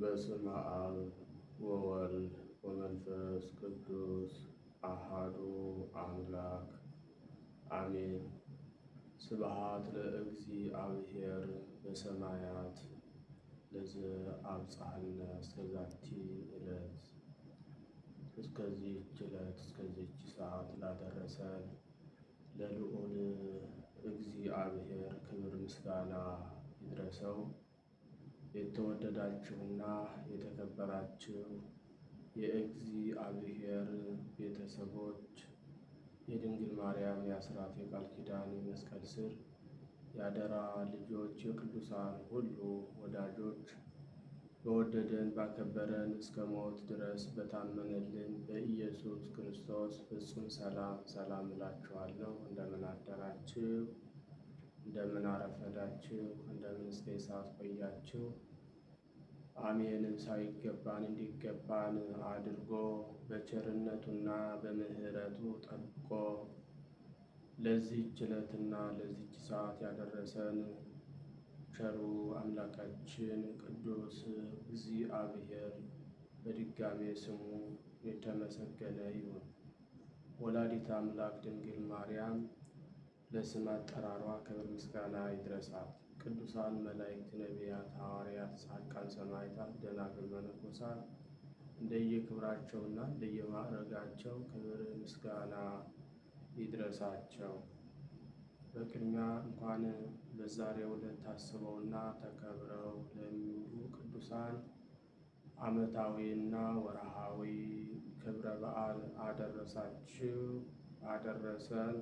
በስመ አብ ወወልድ ወመንፈስ ቅዱስ አሃዱ አምላክ አሜን። ስብሐት ለእግዚአብሔር በሰማያት ለዘአብጽሐነ እስከዛቲ ዕለት እስከዚህች ዕለት እስከዚህች ሰዓት ላደረሰን ለልዑል እግዚአብሔር ክብር ምስጋና ይድረሰው። የተወደዳችሁና የተከበራችሁ የእግዚአብሔር ቤተሰቦች የድንግል ማርያም የአስራት የቃል ኪዳን የመስቀል ስር የአደራ ልጆች የቅዱሳን ሁሉ ወዳጆች በወደደን ባከበረን እስከ ሞት ድረስ በታመነልን በኢየሱስ ክርስቶስ ፍጹም ሰላም ሰላም እላችኋለሁ። እንደምን አደራችሁ? እንደምን አረፈዳችሁ፣ እንደምን እስከ ሰዓት ቆያችሁ። አሜንም ሳይገባን እንዲገባን አድርጎ በቸርነቱና በምሕረቱ ጠብቆ ለዚህች ዕለትና ለዚህች ሰዓት ያደረሰን ቸሩ አምላካችን ቅዱስ እግዚአብሔር በድጋሜ ስሙ የተመሰገነ ይሁን። ወላዲት አምላክ ድንግል ማርያም ለስም አጠራሯ ክብር ምስጋና ይድረሳት። ቅዱሳን መላእክት፣ ነቢያት፣ ሐዋርያት፣ ጻድቃን፣ ሰማዕታት፣ ደናግል፣ መነኮሳት እንደየክብራቸውና እንደየማዕረጋቸው ክብር ምስጋና ይድረሳቸው። በቅድሚያ እንኳን በዛሬው ዕለት ታስበውና ተከብረው ለሚውሉ ቅዱሳን ዓመታዊና ወርሃዊ ክብረ በዓል አደረሳችሁ አደረሰን።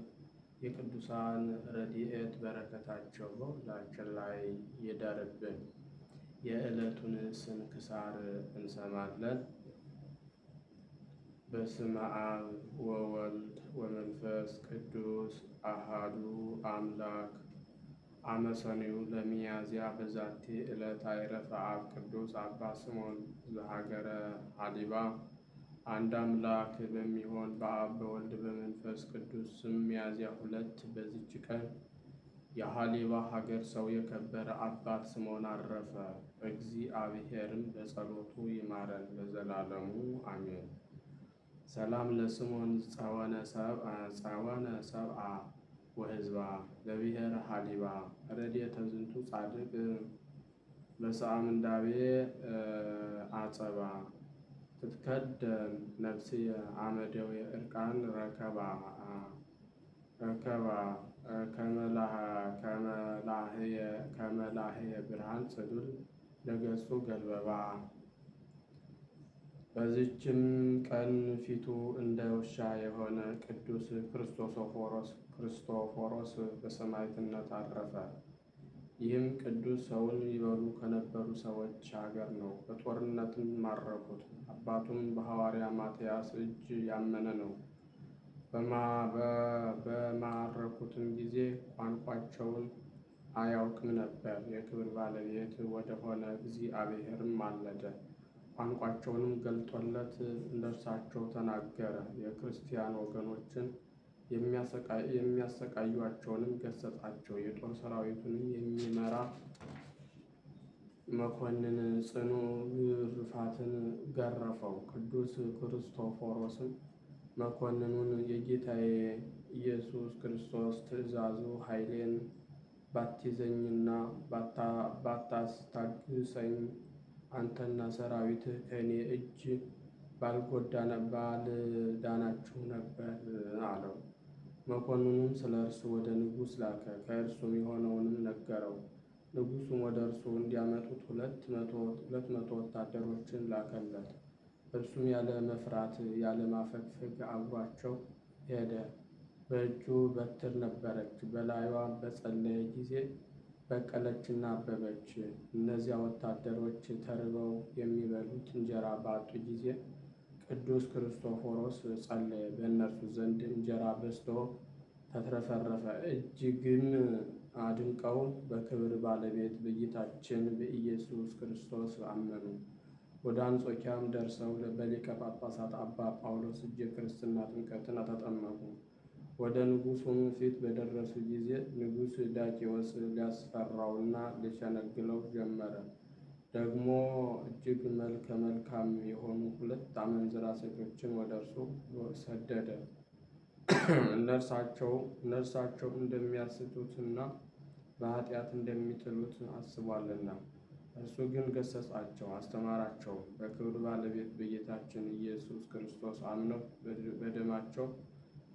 የቅዱሳን ረድኤት በረከታቸው በሁላችን ላይ ይደርብን። የዕለቱን ስንክሳር እንሰማለን። በስመ አብ ወወልድ ወመንፈስ ቅዱስ አሃዱ አምላክ አመሰኒው ለሚያዝያ በዛቲ ዕለት አይረፈ አብ ቅዱስ አባ ስሞን ዘሀገረ ሀሊባ። አንድ አምላክ በሚሆን በአብ በወልድ በመንፈስ ቅዱስ ስም ሚያዝያ ሁለት በዚች ቀን የሐሌባ ሀገር ሰው የከበረ አባት ስምዖን አረፈ። እግዚአብሔርም በጸሎቱ ይማረን ለዘላለሙ አሜን። ሰላም ለስምዖን ጸወነ ሰብአ ወህዝባ ለብሔር ሐሌባ ረድኤተ ዝንቱ ጻድቅ በሰአምንዳቤ አጸባ ትትከደን ነፍስየ አመደዊ ዕርቃን ረከባ ረከባ ከመላህየ ብርሃን ጽዱል ለገጹ ገልበባ። በዚችም ቀን ፊቱ እንደ ውሻ የሆነ ቅዱስ ክርስቶፎሮስ ክርስቶፎሮስ በሰማዕትነት አረፈ። ይህም ቅዱስ ሰውን ይበሉ ከነበሩ ሰዎች አገር ነው። በጦርነትም ማረኩት። አባቱም በሐዋርያ ማትያስ እጅ ያመነ ነው። በማረኩትም ጊዜ ቋንቋቸውን አያውቅም ነበር። የክብር ባለቤት ወደሆነ እግዚአብሔርም ማለደ። ቋንቋቸውንም ገልጦለት እንደርሳቸው ተናገረ። የክርስቲያን ወገኖችን የሚያሰቃዩአቸውንም ገሰጻቸው። የጦር ሰራዊቱንም የሚመራ መኮንን ጽኑ ግርፋትን ገረፈው። ቅዱስ ክርስቶፎሮስን መኮንኑን የጌታዬ ኢየሱስ ክርስቶስ ትእዛዙ ኃይሌን ባትይዘኝና ባታስታግሰኝ አንተና ሰራዊት ከእኔ እጅ ባልጎዳ ባልዳናችሁ ነበር አለው። መኮንኑም ስለ እርሱ ወደ ንጉሥ ላከ፣ ከእርሱም የሆነውንም ነገረው። ንጉሡም ወደ እርሱ እንዲያመጡት ሁለት መቶ ወታደሮችን ላከለት። እርሱም ያለ መፍራት ያለ ማፈግፈግ አብሯቸው ሄደ። በእጁ በትር ነበረች። በላይዋ በጸለየ ጊዜ በቀለችና አበበች። እነዚያ ወታደሮች ተርበው የሚበሉት እንጀራ ባጡ ጊዜ ቅዱስ ክርስቶፎሮስ ጸለየ። በእነርሱ ዘንድ እንጀራ በስቶ ተትረፈረፈ። እጅግም አድንቀው በክብር ባለቤት በጌታችን በኢየሱስ ክርስቶስ አመኑ። ወደ አንጾኪያም ደርሰው በሊቀ ጳጳሳት አባ ጳውሎስ እጅ ክርስትና ጥምቀትን ተጠመቁ። ወደ ንጉሱም ፊት በደረሱ ጊዜ ንጉሥ ዳኪዎስ ሊያስፈራውና ሊሸነግለው ጀመረ። ደግሞ እጅግ መልከ መልካም የሆኑ ሁለት አመንዝራ ሴቶችን ወደ እርሱ ሰደደ። እነርሳቸው እንደሚያስቱትና በኃጢአት እንደሚጥሉት አስቧልና፣ እርሱ ግን ገሰጻቸው፣ አስተማራቸው። በክብር ባለቤት በጌታችን ኢየሱስ ክርስቶስ አምነው በደማቸው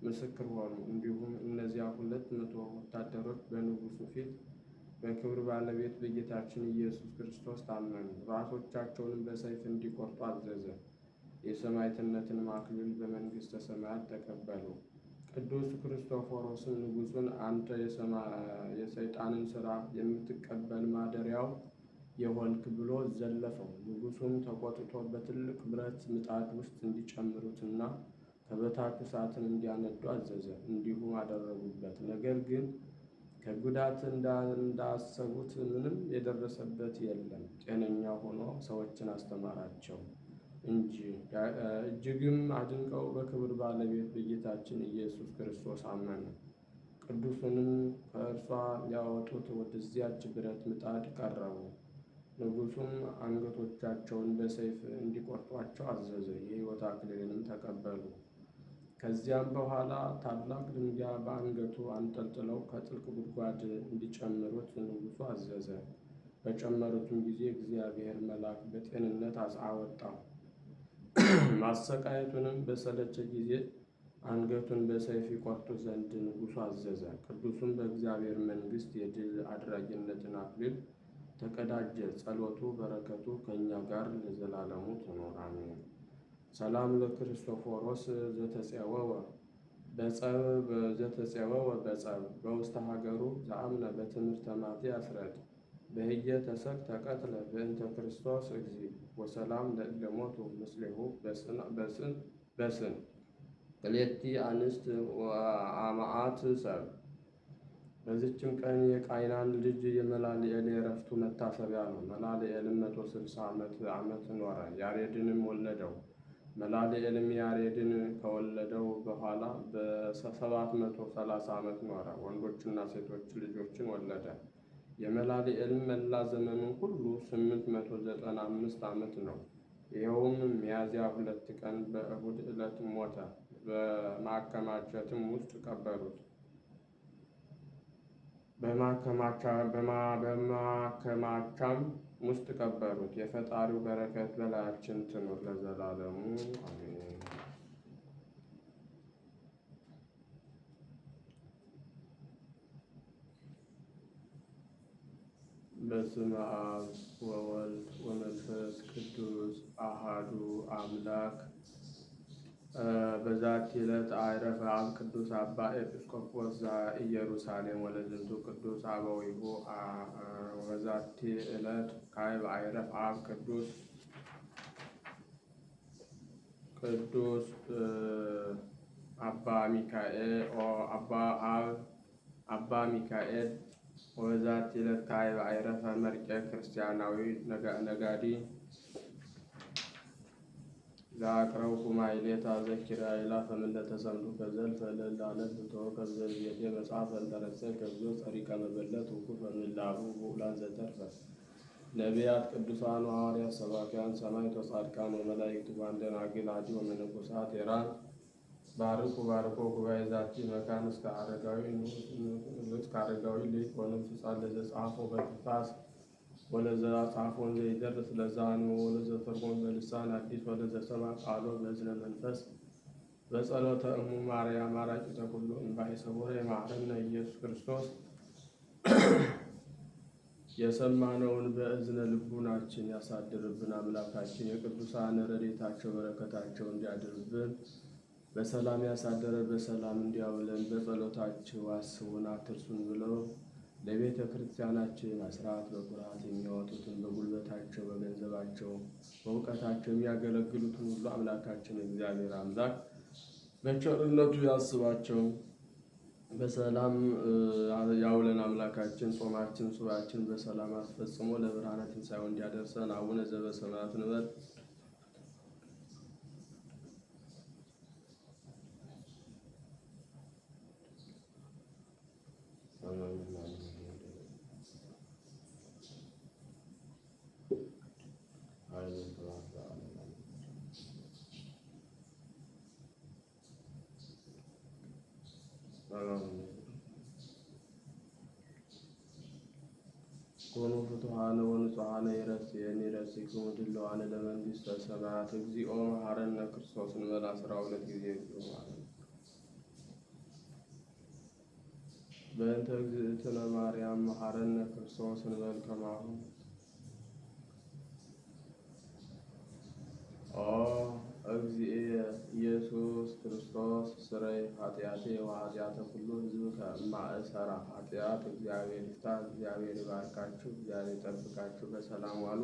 ምስክር ሆኑ። እንዲሁም እነዚያ ሁለት መቶ ወታደሮች በንጉሱ ፊት በክብር ባለቤት በጌታችን ኢየሱስ ክርስቶስ ታመኑ። ራሶቻቸውንም በሰይፍ እንዲቆርጡ አዘዘ። የሰማዕትነትን አክሊል በመንግሥተ ሰማያት ተቀበሉ። ቅዱስ ክርስቶፎሮስን ንጉሱን አንተ የሰይጣንን ሥራ የምትቀበል ማደሪያው የሆንክ ብሎ ዘለፈው። ንጉሱም ተቆጥቶ በትልቅ ብረት ምጣድ ውስጥ እንዲጨምሩትና ከበታች እሳትን እንዲያነዱ አዘዘ። እንዲሁም አደረጉበት። ነገር ግን ከጉዳት እንዳሰቡት ምንም የደረሰበት የለም። ጤነኛ ሆኖ ሰዎችን አስተማራቸው እንጂ እጅግም አድንቀው በክብር ባለቤት በጌታችን ኢየሱስ ክርስቶስ አመኑ። ቅዱሱንም ከእርሷ ሊያወጡት ወደዚያች ብረት ምጣድ ቀረቡ። ንጉሱም አንገቶቻቸውን በሰይፍ እንዲቆርጧቸው አዘዘ። የሕይወት አክሊልንም ተቀበሉ። ከዚያም በኋላ ታላቅ ድንጋይ በአንገቱ አንጠልጥለው ከጥልቅ ጉድጓድ እንዲጨምሩት ንጉሱ አዘዘ። በጨመሩትም ጊዜ እግዚአብሔር መልአክ በጤንነት አወጣው። ማሰቃየቱንም በሰለቸ ጊዜ አንገቱን በሰይፍ ይቆርጡ ዘንድ ንጉሱ አዘዘ። ቅዱሱም በእግዚአብሔር መንግሥት የድል አድራጊነትን አክሊል ተቀዳጀ። ጸሎቱ በረከቱ ከእኛ ጋር ለዘላለሙ ትኖር አሜን። ሰላም ለክርስቶፎሮስ ዘተጼወወ በጸብ ዘተጼወወ በጸብ በውስተ ሀገሩ ዘአምነ በትምህርተ ማቴ አስረድ በህየ ተሰቅ ተቀትለ በእንተ ክርስቶስ እግዚ ወሰላም ለእለሞቱ ምስሌሁ በስን በስን ቅሌቲ አንስት አማአት ሰብ በዚችም ቀን የቃይናን ልጅ የመላልኤል የረፍቱ መታሰቢያ ነው። መላልኤልም መቶ ስልሳ ዓመት ዓመት ኖረ፣ ያሬድንም ወለደው። መላልኤልም ያሬድን ከወለደው በኋላ በ730 ዓመት ኖረ፣ ወንዶችና ሴቶች ልጆችን ወለደ። የመላልኤልም መላ ዘመኑ ሁሉ 895 ዓመት ነው። ይኸውም ሚያዝያ ሁለት ቀን በእሁድ ዕለት ሞተ። በማከማቸትም ውስጥ ቀበሩት። በማከማቻም ውስጥ ቀበሩት። የፈጣሪው በረከት በላያችን ትኑር ለዘላለሙ አሜን። በስመ አብ ወወልድ ወመንፈስ ቅዱስ አሃዱ አምላክ በዛቲ ዕለት አረፈ አብ ቅዱስ አባ ኤጲስቆጶስ ዘኢየሩሳሌም ወለዝንቱ ቅዱስ አበዊሁ። በዛቲ ዕለት ካዕብ አይረፍ አብ ቅዱስ ቅዱስ አባ ሚካኤል አባ አብ አባ ሚካኤል። በዛቲ ዕለት ካዕብ አይረፈ መርቄ ክርስቲያናዊ ነጋዲ ዛቅረው ኩማይሌታ ዘኪራ ይላፈ ምንደ ተሰምዱ ከዘልፈ ለላለት ብቶ ከዘዝየቴ መጽሐፍ እንተረሰ ከብዞ ጸሪቀ መበለት ውኩ ሚላሉ ብኡላን ዘተርፈ ነቢያት፣ ቅዱሳን፣ ሐዋርያት፣ ሰባኪያን፣ ሰማዕታት፣ ጻድቃን፣ የመላእክቱ ባንደን አግል አዲ ወመነኮሳት ኤራን ባርኩ ባርኮ ጉባኤ ዛቲ መካን እስከ አረጋዊ ልጅ ከአረጋዊ ልጅ ወንም ፍጻ ለዘ ጸሐፎ ወለዘ ጻፎን ዘይደርስ ለዛን ወለዘ ተርጎም በልሳን አዲስ ወለዘ ሰማ ቃሎ በዝነ መንፈስ በጸሎተ እሙ ማርያም አራቂተ ኩሉ እንባይ ሰቡረ የማረነ ኢየሱስ ክርስቶስ የሰማነውን በእዝነ ልቡናችን ያሳድርብን። አምላካችን የቅዱሳን ረድኤታቸው በረከታቸው እንዲያድርብን በሰላም ያሳደረ በሰላም እንዲያውለን በጸሎታቸው አስቡን አትርሱን ብለው ለቤተ ክርስቲያናችን አስራት በኩራት የሚያወጡትን በጉልበታቸው በገንዘባቸው በእውቀታቸው የሚያገለግሉትን ሁሉ አምላካችን እግዚአብሔር አምላክ በቸርነቱ ያስባቸው፣ በሰላም ያውለን። አምላካችን ጾማችን ሱባችን በሰላም አስፈጽሞ ለብርሃነ ትንሣኤው እንዲያደርሰን አቡነ ዘበሰማያት ንበር ኮኑ ፍቱሐነ ወንጹሐነ ይረሴየኒ ይረሴክሙ ድልዋነ ለመንግሥተ ሰማያት እግዚኦ መሐረነ ክርስቶስ እንበል አስራ ሁለት ጊዜ እግዚኦ ማለት በእንተ እግዝእትነ ማርያም መሐረነ ክርስቶስ እንበል ከማሁ እግዚእ ኢየሱስ ክርስቶስ ስረይ ኃጢአቴ ወኃጢአተ ኩሉ ህዝብ ከማእሰራ ኃጢአት እግዚአብሔር ይፍታ። እግዚአብሔር ይባርካችሁ። እግዚአብሔር ይጠብቃችሁ። በሰላም ዋሉ።